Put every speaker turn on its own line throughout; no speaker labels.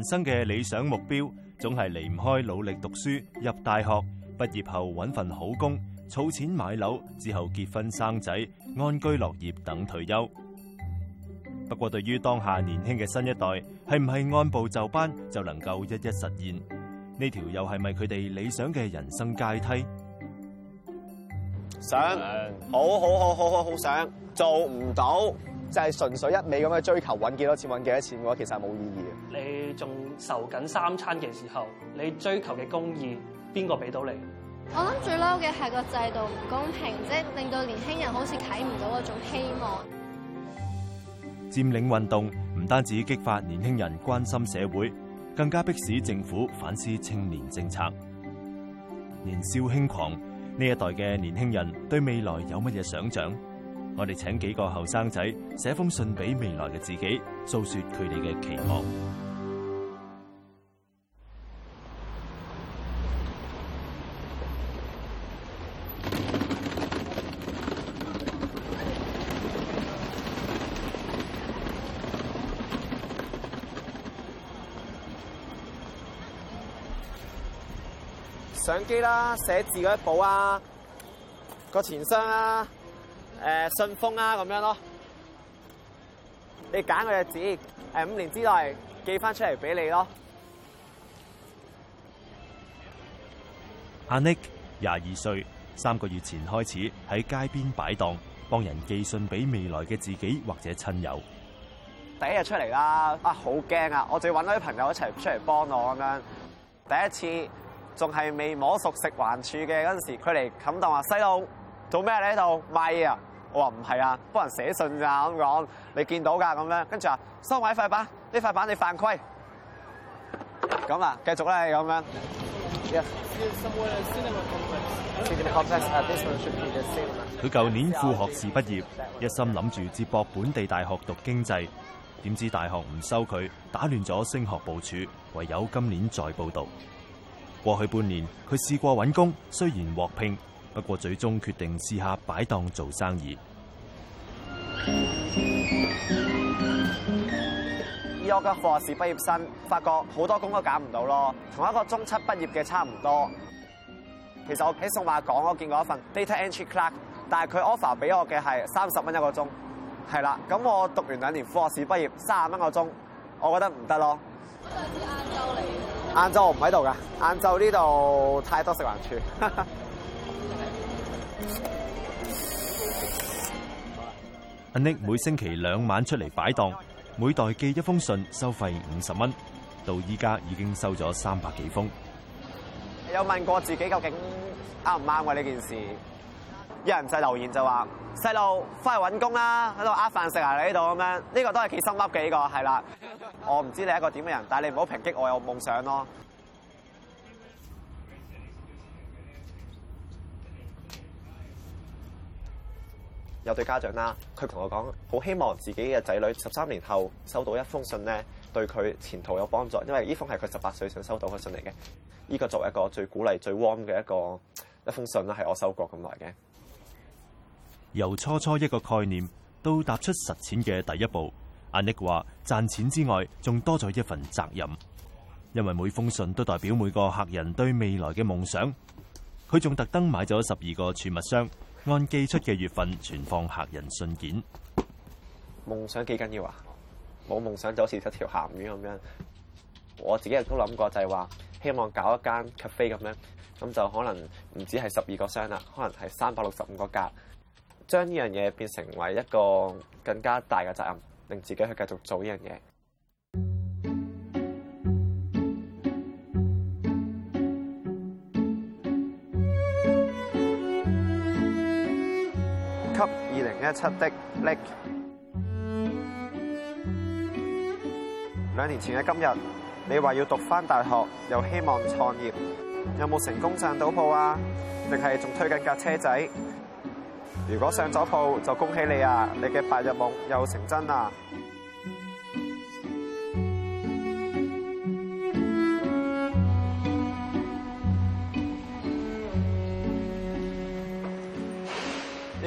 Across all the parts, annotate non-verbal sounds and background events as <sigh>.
人生嘅理想目標，總係離唔開努力讀書、入大學、畢業後揾份好工、儲錢買樓之後結婚生仔、安居樂業等退休。不過，對於當下年輕嘅新一代，係唔係按部就班就能夠一一實現？呢條又係咪佢哋理想嘅人生階梯？
想，好好好好好好想，做唔到。就係純粹一味咁去追求揾幾多錢，揾幾多錢
嘅話，其實冇意義。你仲愁緊三餐嘅時候，你追求嘅公義邊個俾到你？我諗最嬲嘅係個制度唔公平，即係令到年輕人好似睇唔到嗰種希望。
佔領運動唔單止激發年輕人關心社會，更加迫使政府反思青年政策。年少輕狂呢一代嘅年輕人對未來有乜嘢想像？我哋請幾個後生仔寫封信俾未來嘅自己，訴說佢哋嘅期望。
相機啦，寫字嗰一部啊，個錢箱啊。誒，信封啊，咁樣咯，你揀個日子，誒，五年之內寄翻出嚟俾你咯。
阿 Nick 廿二歲，三個月前開始喺街邊擺檔，幫人寄信俾未來嘅自己或者親友。
第一日出嚟啦，啊，好驚啊！我仲要搵到啲朋友一齊出嚟幫我咁樣。第一次仲係未摸熟食環處嘅嗰陣時，佢嚟冚檔啊細路，做咩你喺度賣嘢啊！我話唔係啊，幫人寫信咋，咁講，你見到噶咁樣，跟住話收埋塊板，呢塊板你犯規，咁啊繼續啦咁樣。
佢、yes. 舊 <music> 年副學士畢業，一心諗住接駁本地大學讀經濟，點知大學唔收佢，打亂咗升學部署，唯有今年再報讀。過去半年，佢試過揾工，雖然獲聘。不過最終決定試下擺檔做生意。
而我間副學士畢業生髮覺好多工都揀唔到咯，同一個中七畢業嘅差唔多。其實我喺數碼港，我見過一份 data entry clerk，但係佢 offer 俾我嘅係三十蚊一個鐘。係啦，咁我讀完兩年副學士畢業三十蚊個鐘，我覺得唔得咯。晏晝我唔喺度噶，晏晝呢度太多食環處。哈哈
阿 Nick 每星期兩晚出嚟擺檔，每袋寄一封信，收費五十蚊。到依家已經收咗三百幾封。
有問過自己究竟啱唔啱嘅呢件事？有人就留言就話：細路翻去搵工啦，喺度呃飯食啊！你呢度咁樣，呢、這個都係幾心噏幾個係啦。我唔知你係一個點嘅人，但係你唔好抨擊我有夢想咯。有對家長啦，佢同我講，好希望自己嘅仔女十三年後收到一封信呢，對佢前途有幫助。因為呢封係佢十八歲想收到嘅信嚟嘅，呢個作為一個最鼓勵、最 warm 嘅一個一封信啦，係我收過咁耐嘅。
由初初一個概念到踏出實踐嘅第一步，阿力話賺錢之外，仲多咗一份責任，因為每封信都代表每個客人對未來嘅夢想。佢仲特登買咗十二個儲物箱。按寄出嘅月份存放客人信件。
夢想幾緊要啊？冇夢想就好似七條鹹魚咁樣。我自己亦都諗過就係話，希望搞一間 cafe 咁樣，咁就可能唔止係十二個箱啦，可能係三百六十五個格。將呢樣嘢變成為一個更加大嘅責任，令自己去繼續做呢樣嘢。一七的 Lake，兩年前嘅今日，你話要讀返大學，又希望創業，有冇成功賺到鋪啊？定係仲推緊架車仔？如果上咗鋪，就恭喜你啊！你嘅白日夢又成真啦！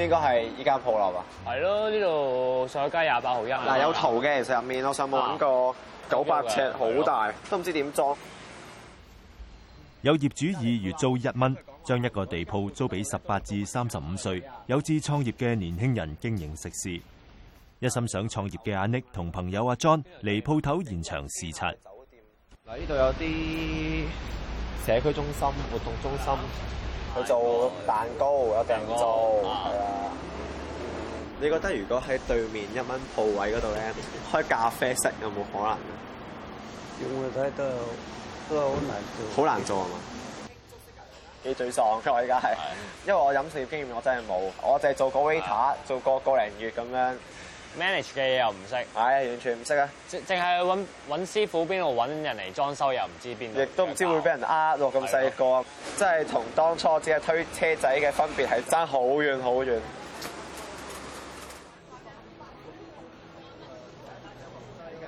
應該係依
家鋪樓啊！係咯，呢度上一街廿八號一。嗱，有圖
嘅其實入面，我上冇諗過
九百尺好大，都唔知點裝。
有業主以月租一蚊，將一個地鋪租俾十八至三十五歲有志創業嘅年輕人經營食肆。一心想創業嘅阿 Nick 同朋友阿 John 嚟鋪頭現場視察。
嗱，呢度有啲社區中心、活動中心。去做蛋糕有、嗯、訂做，啊、嗯！你覺得如果喺對面一蚊鋪位嗰度咧開咖啡室有冇有可
能？嗯、我睇都有都好難做。好難做係嘛？
幾沮喪㗎我而家係，因為我飲食業經驗我真係冇，我就係做，過是做過個 waiter
做個個零月咁樣。Manage 嘅嘢又唔識，唉、哎，完全唔識啊！淨淨係揾師傅，邊度揾人嚟裝修又唔知邊度。
亦都唔知會俾人呃落咁細一個，係真係同當初只係推車仔嘅分別係爭好遠好遠。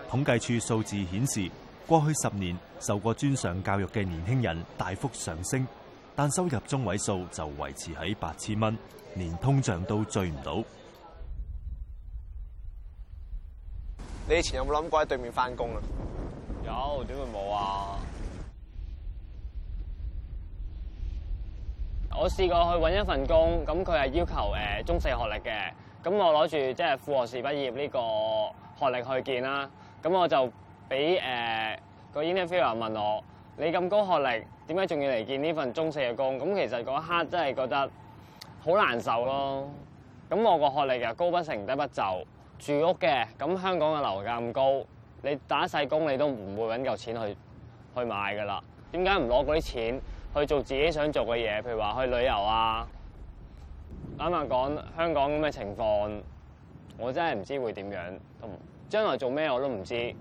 統計處數字顯示，過去十年受過專上教育嘅年輕人大幅上升，但收入中位數就維持喺八千蚊，連通脹都追唔到。
你以前有冇諗過喺對面翻
工啊？有，點會冇啊？我試過去搵一份工，咁佢係要求誒中四學歷嘅，咁我攞住即係副學士畢業呢個學歷去見啦。咁我就俾誒、呃那個 interviewer 人問我：你咁高學歷，點解仲要嚟見呢份中四嘅工？咁其實嗰刻真係覺得好難受咯。咁我個學歷又高不成低不就。住屋嘅，咁香港嘅樓價咁高，你打細工你都唔會揾夠錢去去買噶啦。點解唔攞嗰啲錢去做自己想做嘅嘢？譬如話去旅遊啊。啱啱講香港咁嘅情況，我真係唔知會點樣同唔，將來做咩我都唔知。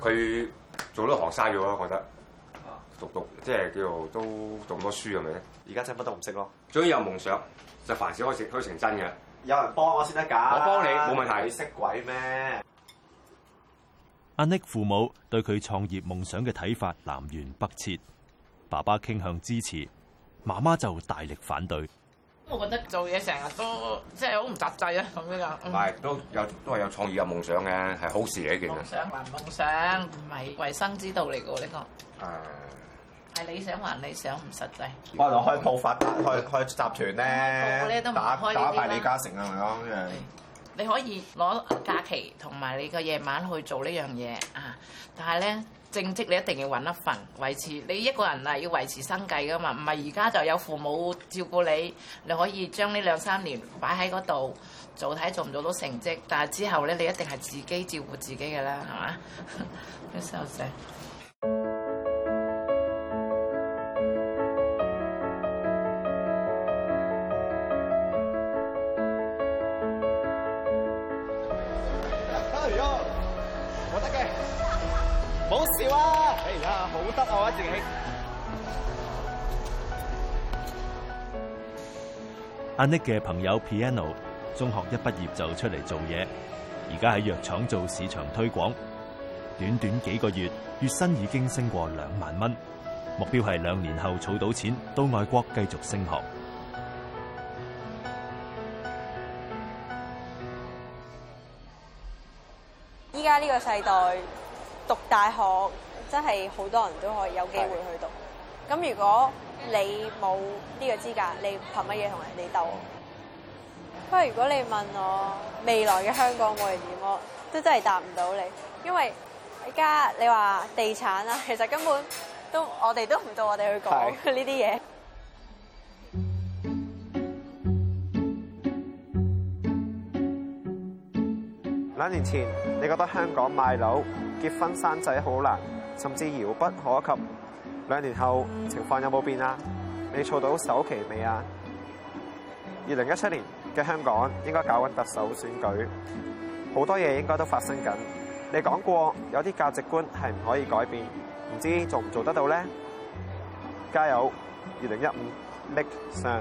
佢做得學生嘥咗，我覺得。讀讀即係叫做都讀多書咁樣，而家真係乜都唔識咯。總之有夢想，就凡事可以成，可以成真嘅。有人幫我先得㗎，我幫你冇問題。你識鬼咩？
阿 n 叻父母對佢創業夢想嘅睇法南轅北轍，爸爸傾向支持，媽媽就大力反對。
我覺得做嘢成日都、呃、即係好唔實際啊咁樣啊。唔係都有都係有創業有夢想嘅，係好事嚟嘅。其實夢想還夢想唔係維生之道嚟嘅喎呢個。誒、呃。係理想還理想唔實際，可能開暴發、開開,開集團咧、嗯嗯嗯，打打敗李嘉誠啊！咁樣，你可以攞假期同埋你個夜晚去做呢樣嘢啊！但係咧正職你一定要揾一份維持，你一個人啊要維持生計噶嘛，唔係而家就有父母照顧你，你可以將呢兩三年擺喺嗰度做睇做唔做到成績，但係之後咧你一定係自己照顧自己嘅啦，係嘛？啲細路仔。
阿 Nick 嘅朋友 Piano，中學一畢業就出嚟做嘢，而家喺藥廠做市場推廣，短短幾個月，月薪已經升過兩萬蚊，目標係兩年後儲到錢到外國繼續升學。
依家呢個世代讀大學，真係好多人都可以有機會去讀。咁如果你冇呢個資格，你憑乜嘢同人哋鬥？不過如果你問我
未來嘅香港會點，
我都真係答唔到你，因為而家你話地產呀，其實根本
都我哋都唔到我哋去講呢啲嘢。
兩年前你覺得香港買樓、結婚、生仔好難。甚至遙不可及。兩年後情況有冇變啊？你儲到首期未啊？二零一七年嘅香港應該搞緊特首選舉，好多嘢應該都發生緊。你講過有啲價值觀係唔可以改變，唔知做唔做得到咧？加油！二零一五，Make Sun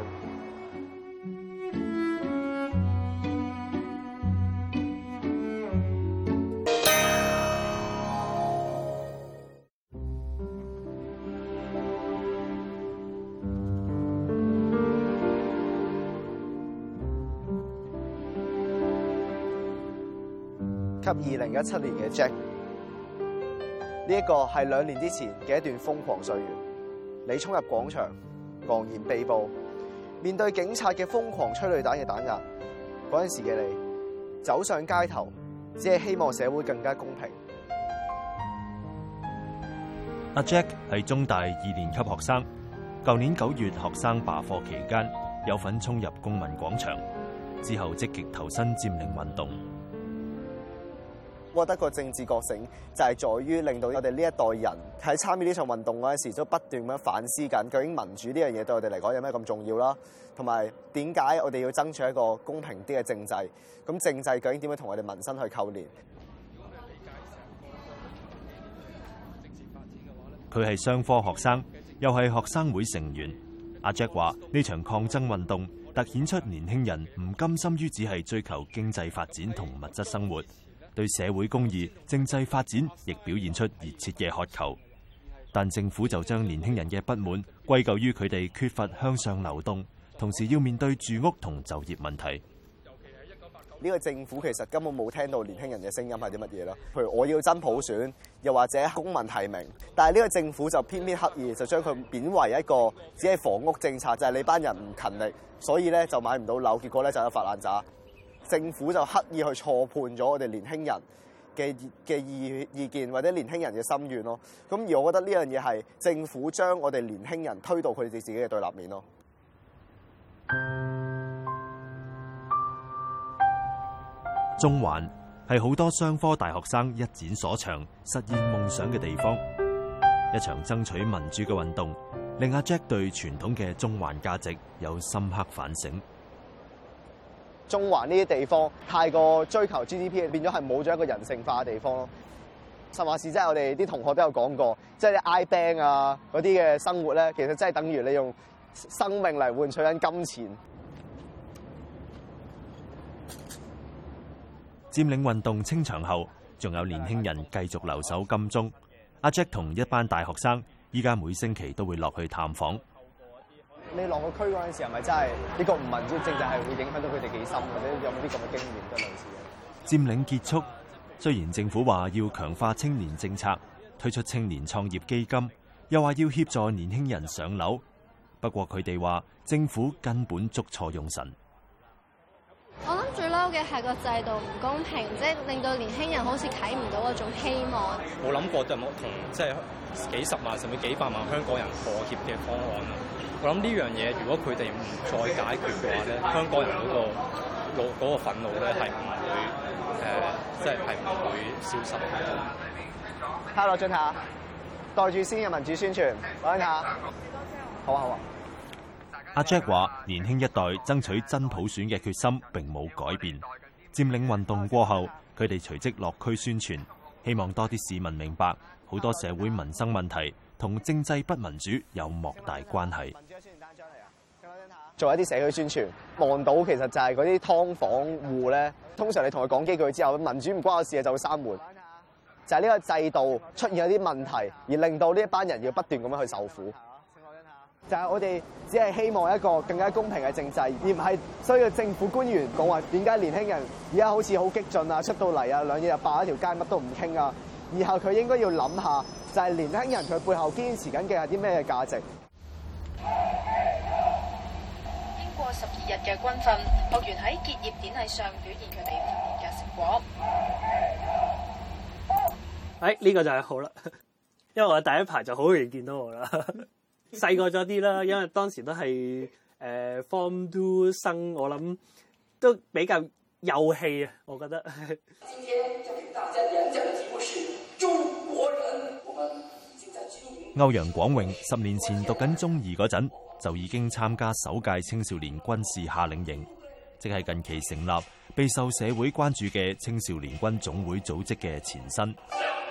二零一七年嘅 Jack，呢一個係兩年之前嘅一段瘋狂歲月。你衝入廣場，昂然被捕，面對警察嘅瘋狂催淚彈嘅彈壓，嗰陣時嘅你走上街頭，只係希望社會更加公平。
阿 Jack 係中大二年級學生，舊年九月學生罷課期間，有份衝入公民廣場，之後積極投身佔領運動。
我覺得個政治覺醒就係在於令到我哋呢一代人喺參與呢場運動嗰陣時，都不斷咁樣反思緊究竟民主呢樣嘢對我哋嚟講有咩咁重要啦，同埋點解我哋要爭取一個公平啲嘅政制？咁政制究竟點樣同我哋民生去扣連？
佢係商科學生，又係學生會成員。阿 Jack 話：呢場抗爭運動突顯出年輕人唔甘心於只係追求經濟發展同物質生活。對社會公義、政制發展亦表現出熱切嘅渴求，但政府就將年輕人嘅不滿歸咎於佢哋缺乏向上流動，同時要面對住屋同就業問題。
呢個政府其實根本冇聽到年輕人嘅聲音係啲乜嘢咯。譬如我要真普選，又或者公民提名，但係呢個政府就偏偏刻意就將佢貶為一個只係房屋政策，就係你班人唔勤力，所以咧就買唔到樓，結果咧就有發爛渣。政府就刻意去錯判咗我哋年輕人嘅嘅意意見或者年輕人嘅心願咯，咁而我覺得呢樣嘢係政府將我哋年輕人推到佢哋自己嘅對立面咯。
中環係好多商科大學生一展所長、實現夢想嘅地方。一場爭取民主嘅運動令阿 Jack 對傳統嘅中環價值有深刻反省。
中環呢啲地方太過追求 GDP，變咗係冇咗一個人性化嘅地方咯。神話是即係我哋啲同學都有講過，即係你挨 ban 啊嗰啲嘅生活咧，其實真係等於你用生命嚟換取緊金錢。
佔領運動清場後，仲有年輕人繼續留守金鐘。阿 Jack 同一班大學生依家每星期都會落去探訪。
你落個區嗰陣時係咪真係呢個唔民主政制係會影響到佢哋幾深，或者有冇啲咁嘅經驗都類似
嘅？佔領結束，雖然政府話要強化青年政策，推出青年創業基金，又話要協助年輕人上樓，不過佢哋話政府根本捉錯用神。
我諗最嬲嘅係個制度唔公平，即係令到年輕人好似睇唔到嗰種希望。
冇諗過有冇同即係。幾十萬
甚至幾百萬香港人妥協嘅方案，我諗呢樣嘢，如果佢哋唔再解
決嘅話咧，香港人嗰個嗰嗰憤怒咧係唔會誒，即係係唔會消失
嘅。哈羅，俊下，代住先嘅民主宣傳，講下好啊好啊。阿
Jack 話：年輕一代爭取真普選嘅決心並冇改變。佔領運動過後，佢哋隨即落區宣傳。希望多啲市民明白，好多社會民生問題同政制不民主有莫大關係。
做一啲社區宣傳，望到其實就係嗰啲劏房戶咧。通常你同佢講幾句之後，民主唔關我事啊，就會閂門。就係呢個制度出現一啲問題，而令到呢一班人要不斷咁樣去受苦。就係我哋只係希望一個更加公平嘅政制，而唔係需要政府官員講話點解年輕人而家好似好激進啊，出到嚟啊，兩嘢就霸一條街，乜都唔傾啊。然後佢應該要諗下，就係、是、年輕人佢背後堅持緊嘅係啲咩嘅價值。經過
十
二日嘅軍訓，學員喺結業典禮上表現佢哋訓練嘅成果。誒、哎，呢、這個就係好啦，因為我第一排就好容易見到我啦。細個咗啲啦，因為當時都係誒、呃、 <laughs> form two 生，我諗都比較幼氣啊，我覺得。
歐陽廣榮十年前讀緊中二嗰陣，就已經參加首屆青少年軍事夏令營，即係近期成立、備受社會關注嘅青少年軍總會組織嘅前身。 <laughs>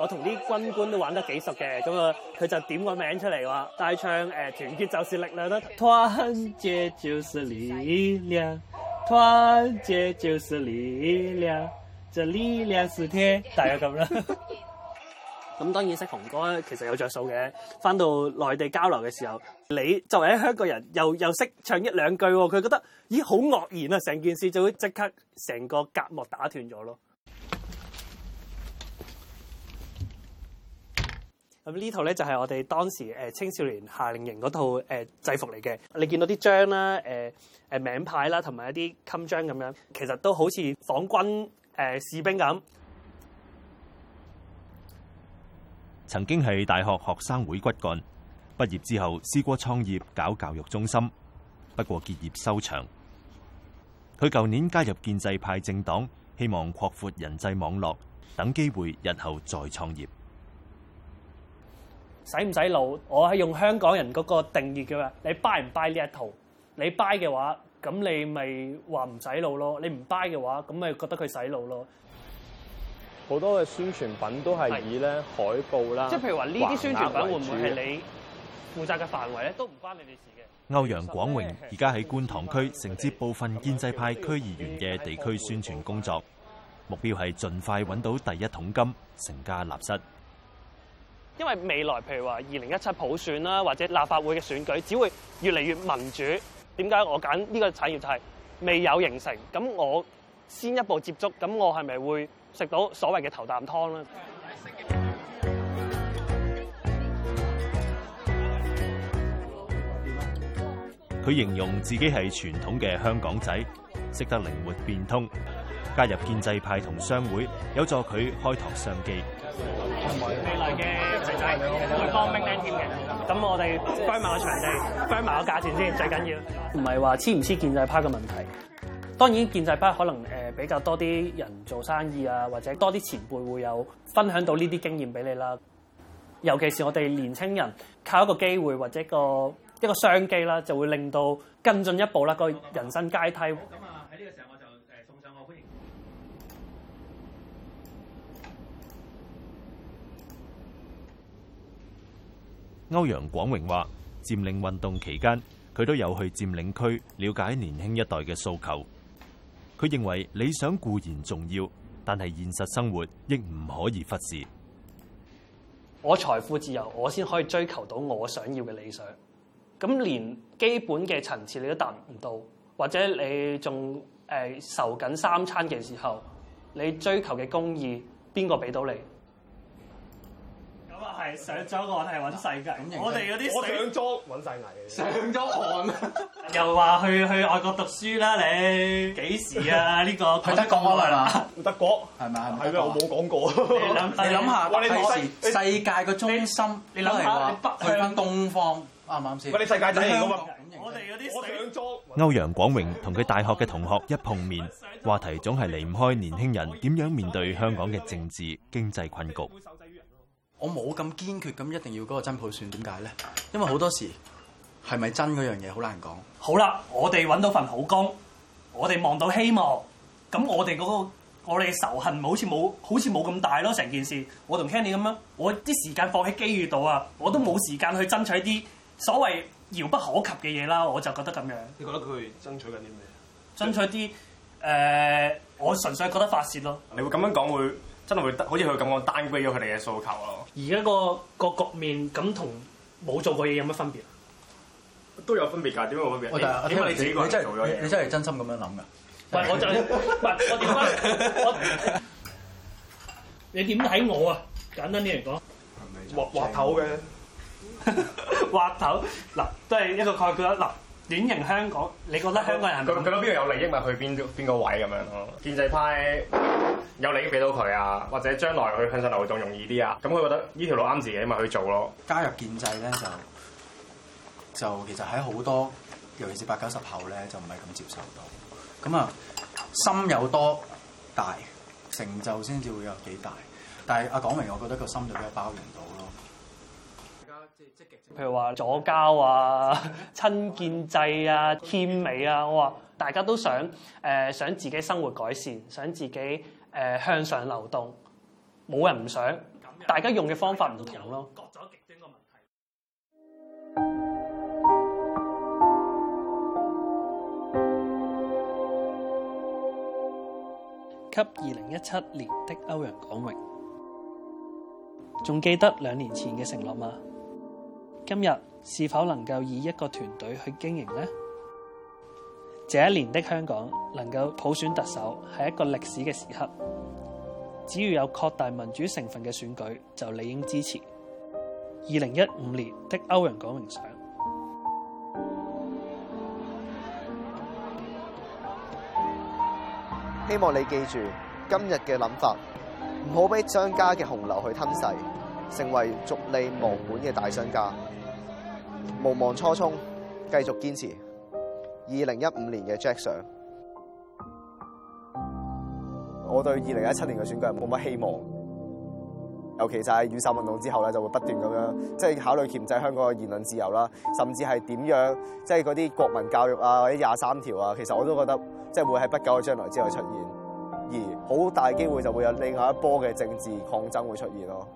我同啲軍官都玩得幾熟嘅，咁啊佢就點個名出嚟話大唱誒、哎、團結就是力量啦！團結就是力量，團結就是力量，就力量是天大約咁啦。咁當然識紅歌，其實有着數嘅。翻到內地交流嘅時候，你作為喺香港人，又又識唱一兩句喎。佢覺得咦好愕然啊，成件事就會即刻成個隔膜打斷咗咯。咁呢套咧就係我哋當時誒青少年夏令營嗰套誒制服嚟嘅，啊，你見到啲章啦，誒誒名牌啦，同埋一啲襟章咁樣，其實都好似仿軍誒、呃、士兵咁。
曾經係大學學生會骨幹，畢業之後試過創業搞教育中心，不過結業收場。佢舊年加入建制派政黨，希望擴闊人際網絡，等機會日後再創業。
使唔使洗腦？我係用香港人嗰個定義嘅嘛。你 buy 唔 buy 呢一套？你 buy 嘅話，咁你咪話唔洗腦咯。你唔 buy 嘅話，咁咪覺得佢洗腦咯。
好多嘅宣傳品都係以咧海報啦，即係譬如話呢啲宣傳品會唔會係你
負責嘅範圍咧？都唔關你哋事嘅。
歐陽廣榮而家喺觀塘區承接部分建制派區議員嘅地區宣傳工作，目標係盡快揾到第一桶金，成家立室。
因為未來譬如話二零一七普選啦，或者立法會嘅選舉，只會越嚟越民主。點解我揀呢個產業就係未有形成？咁我先一步接觸，咁我係咪會食到所謂嘅頭啖湯咧？
佢形容自己係傳統嘅香港仔，識得靈活變通。加入建制派同商會，有助佢開拓商機。
未來嘅仔仔會幫 bling bling 添嘅，咁我哋幫埋個場地，幫埋個價錢先，最緊要。唔係話黐唔黐建制派嘅問題。當然建制派可能誒比較多啲人做生意啊，或者多啲前輩會有分享到呢啲經驗俾你啦。尤其是我哋年青人，靠一個機會或者一個一個商機啦，就會令到更進一步啦，個人生階梯。
歐陽廣榮話：佔領運動期間，佢都有去佔領區了解年輕一代嘅訴求。佢認為理想固然重要，但係現實生活亦唔可以忽視。
我財富自由，我先可以追求到我想要嘅理想。咁連基本嘅層次你都達唔到，或者你仲誒愁緊三餐嘅時候，你追求嘅公義，邊個俾到你？係上咗岸，係搵世界。我哋嗰啲上咗搵世界，上咗岸又話去去外國讀書啦，你幾時啊？呢、這個去德國啊？係嘛？
德國係咪啊？係咩？我冇講過。你
諗下，第時世界嘅中心，你諗下北向東方啱唔啱先？我哋世界仔嚟嘅，
我哋嗰啲上咗。歐陽廣榮同佢大學嘅同學一碰面，話題總係離唔開年輕人點樣面對香港嘅政治經濟困
局。我冇咁堅決咁一定要嗰個真普選，點解咧？因為好多時係咪真嗰樣嘢好難講。好啦，我哋搵到份好工，我哋望到希望，咁我哋嗰、嗰個我哋仇恨好似冇好似冇咁大咯，成件事。我同 Kenny 咁樣，我啲時間放喺機遇度啊，我都冇時間去爭取啲所謂遙不可及嘅嘢啦。我就覺得咁樣。你覺得佢爭取緊啲咩？爭取啲誒、呃，我純粹覺得發洩咯。
你會咁樣講會？真係會好似佢咁樣 downgrade 咗佢哋嘅訴求囉。
而家個個局面咁，同冇做過嘢有乜分別？
都有分別㗎。點解會分別啊？因、啊、你，你真係做咗嘢，你
真係真心咁樣諗㗎。喂，
我就係，唔 <laughs> 我點
翻。 <laughs> 我 <laughs> 你點睇我啊？簡單啲嚟講，滑頭嘅滑 <laughs> 頭嗱，都係一個概括啦。典型香港，你覺得香港人佢佢覺得邊度有利益咪去邊
邊個位咁樣咯。建制派有利益俾到佢啊，或者將來佢向上流動容易啲啊，咁佢覺得呢條路啱自己咪去做咯。加入建制咧就
就其實喺好多尤其是八九十後咧就唔係咁接受到。咁啊，心有多大成就先至會有幾大，但係阿講明，我覺得個心就比較包容到咯。
譬如話左膠啊、親建制啊、謙美啊，我話大家都想誒、呃、想自己生活改善，想自己誒、呃、向上流動，冇人唔想。咁大家用嘅方法唔同咯。給二零一七年的歐陽廣榮，仲記得兩年前嘅承諾嗎？今日是否能夠以一個團隊去經營呢？這一年的香港能夠普選特首，係一個歷史嘅時刻。只要有擴大民主成分嘅選舉，就理應支持。二零一五年的歐陽廣明相，
希望你記住今日嘅諗法，唔好俾商家嘅洪流去吞噬，成為逐利忘本嘅大商家。無忘初衷，繼續堅持。二零一五年嘅 Jackson，我對二零一七年嘅選舉係冇乜希望。尤其就係雨傘運動之後咧，就會不斷咁樣，即係考慮鉗制香港嘅言論自由啦，甚至係點樣，即係嗰啲國民教育啊或者廿三條啊，其實我都覺得即係會喺不久嘅將來之內出現，而好大機會就會有另外一波嘅政治抗爭會出現咯。